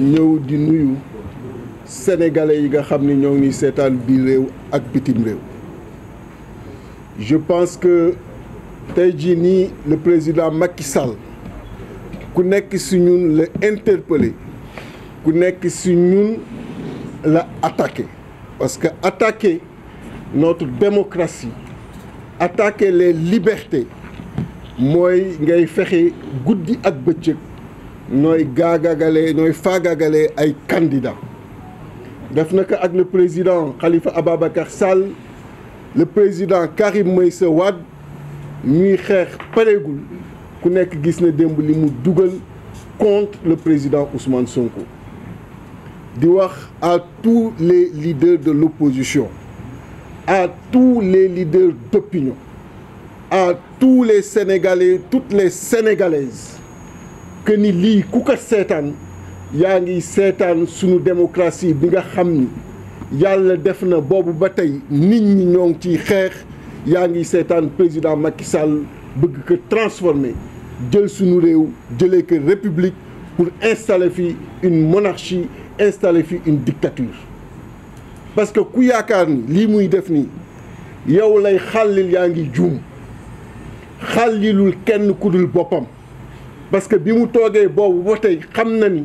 ñëw di nuyu sénégalais yi nga xam ni ñoo ngi seetaan bi réew ak bitim réew je pense que tey jii nii le président Macky Sall ku nekk si ñun la interpellé ku nekk si ñun la attaqué parce que attaquer notre démocratie attaquer les libertés mooy ngay fexe guddi ak bëccëg nooy gaagagalee nooy faagagalee ay candidats def na ko ak le président Khalifa Ababacar Sall le président Karim Meïssa Wade ñuy xeex pareegul ku nekk gis na démb li mu dugal contre le président Ousmane Sonko di wax à tous les leaders de l'opposition à tous les leaders d'opinion à tous les Sénégalais toutes les Sénégalaises que ni lii ku ko seetaan yaa ngi seetaan sunu démocratie bi nga xam ni yàlla def na boobu ba tey nit ñi ñoo ngi ciy xeex yaa ngi seetaan président Macky bëgg ko transformer jël sunu réew jëlee ko république pour installer fi une monarchie installer fi une dictature parce que ku yaakaar ni lii muy def nii yow lay xàllil yaa ngi juum xàllilul kenn ku dul boppam parce que bi mu toogee boobu ba tey xam na ni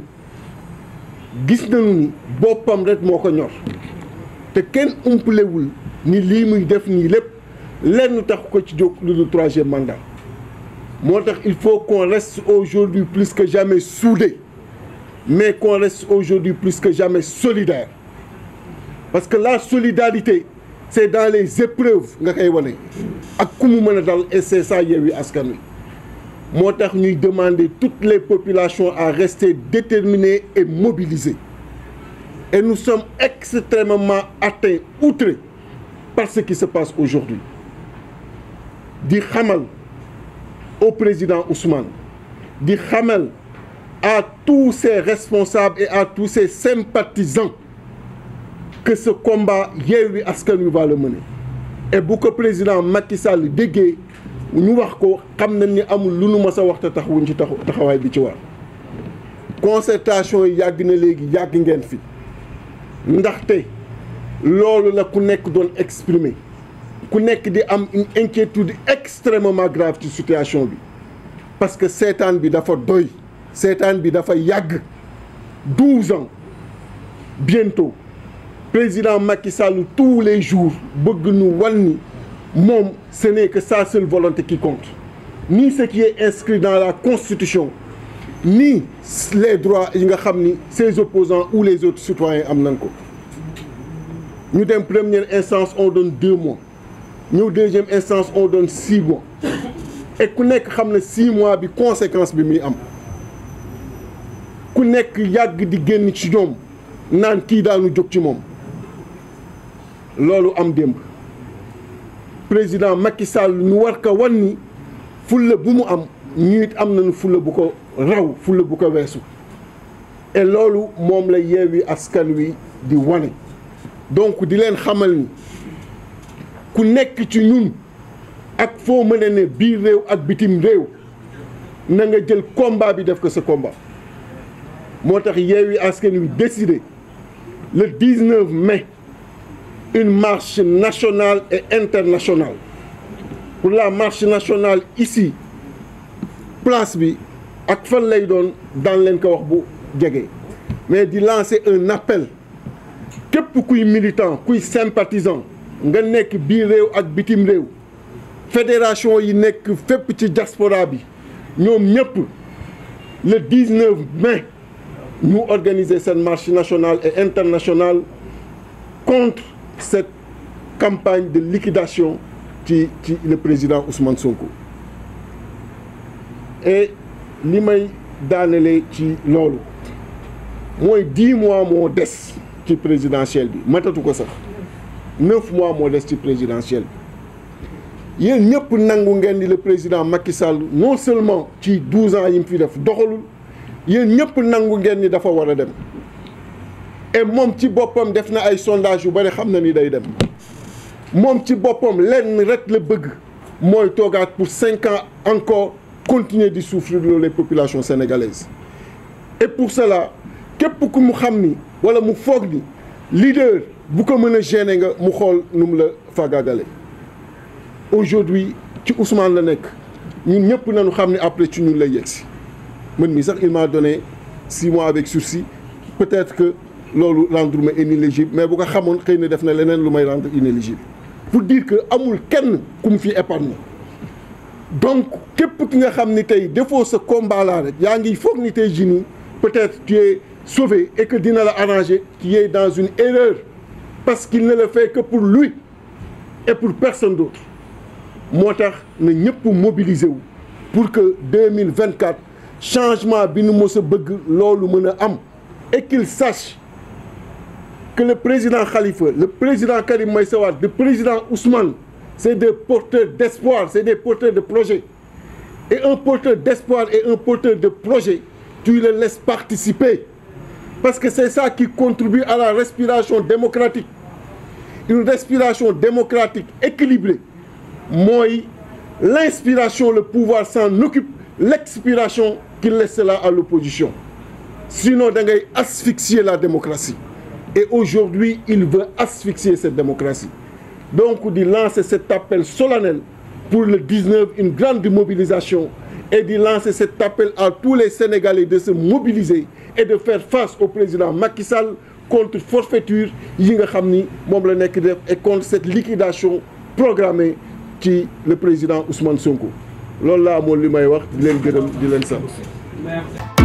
gis nañu ni boppam rek moo ko ñor te kenn umpalewul ni lii muy def nii lépp lenn tax ko ci jóg lu dul troisième moo tax il faut qu'on reste aujourd'hui plus que james soudé mais qu'on reste aujourd'hui plus que jamais solidaire parce que la solidarité c'est dans les épreuves nga koy wane ak ku mu mën a dal et c'est ça Yewwi Askan Wi moo tax ñuy demander toutes les populations à rester déterminées et mobilisées et nous sommes extrêmement atteints outrés par ce qui se passe aujourd'hui di xamal au président Ousmane di xamal à tous ses responsables et à tous ses sympathisants que ce combat Yewwi Askan Wi va le mener et bu ko président Macky Sall ñu wax ko xam nañ ni amul lu nu mas a waxta tax wuñ ci taxawaay bi ci war concertation yi yàgg na léegi yàgg ngeen fi ndaxte loolu la ku nekk doon exprimer ku nekk di am une inquiétude extrêmement grave ci situation bi parce que seetaan bi dafa doy seetaan bi dafa yàgg douze ans bientôt président Macky Sall tous les jours bëgg nu wal ni moom ce n'est que sa seule volonté qui compte ni ce qui est inscrit dans la constitution ni les droits yi nga xam ni ses opposants ou les autres citoyens am nañ ko ñu dem première instance on donne deux mois ñëw deuxième instance on donne six mois et ku nekk xam ne six mois bi conséquence bi muy am ku nekk yàgg di génn ci ñoom naan kii daanu jóg ci moom loolu am démb président Macky Sall ñu war ko wan ni fulla bu mu am ñu it am nañu fulla bu ko raw fulla bu ko weesu et loolu moom la Yewwi Askan Wi di wane donc di leen xamal ni ku nekk ci ñun ak foo mën a ne biir réew ak bitim réew na nga jël komba bi def ko sa combat moo tax Yewwi Askan Wi décidé le 19 me une marche nationale et internationale pour la marche nationale ici place bi ak fan lay doon daan leen ko wax bu jege mais di lancer un appel képp kuy militant kuy sympathisant nga nekk biir réew ak bitim réew fédération yi nekk fépp ci diaspora bi ñoom ñëpp le 19 mai ñu organiser seen marche nationale et internationale contre cette campagne de liquidation ci ci le président Ousmane Sonko et li may daanale ci loolu mooy dix mois moo des ci présidentielle bi matatu ko sax neuf mois moo des ci présidentielle bi yéen ñëpp nangu ngeen di la président Macky Sall non seulement ci douze ans yi mu fi def doxalul yéen ñëpp nangu ngeen ni dafa war a dem moom ci boppam def na ay sondage yu bari xam na ni day dem moom ci boppam lenn rek la bëgg mooy toogaat pour cinq ans encore continuer di souffrir loolu les populations sénégalaises et pour la képp ku mu xam ni wala mu foog ni leader bu ko mën a gêner nga mu xool nu mu la fagagale aujourd'hui ci Ousmane la nekk ñun ñëpp nañu xam ne après ci ñun lay yegsi mën mi sax il m'a donné six mois avec sursis peut-être que loolu rendre ma inéligible mais bu ko xamoon xëy na def na leneen lu may rendre inéligible pour dire que amul kenn ku mu fi épargne donc képp ki nga xam ni tey defoo sa combat laa yaa ngi foog ni tey jii peut-être tu es sauvé et que dina la arranger tu dans une erreur parce qu'il ne le fekk pour lui et pour personne d'autre moo tax na ñëpp mobiliser wu pour que 2024 changement bi nu mos a bëgg loolu mën a am et sache que le président Khalifa, le président Karim Maïsawad, le président Ousmane, c'est des porteurs d'espoir, c'est des porteurs de projets. Et un porteur d'espoir et un porteur de projet, tu le laisses participer. Parce que c'est ça qui contribue à la respiration démocratique. Une respiration démocratique équilibrée. Moi, l'inspiration, le pouvoir s'en occupe, l'expiration qu'il laisse là à l'opposition. Sinon, vous asphyxier la démocratie. Et aujourd'hui, il veut asphyxier cette démocratie. Donc, d'y lancer cet appel solennel pour le 19, une grande mobilisation, et d'y lancer cet appel à tous les Sénégalais de se mobiliser et de faire face au président Macky contre forfaiture yi nga xam ni moom la nekk def et contre cette liquidation programmée ci le président Ousmane Sonko loolu laa amoon li may wax di gërëm di leen sant.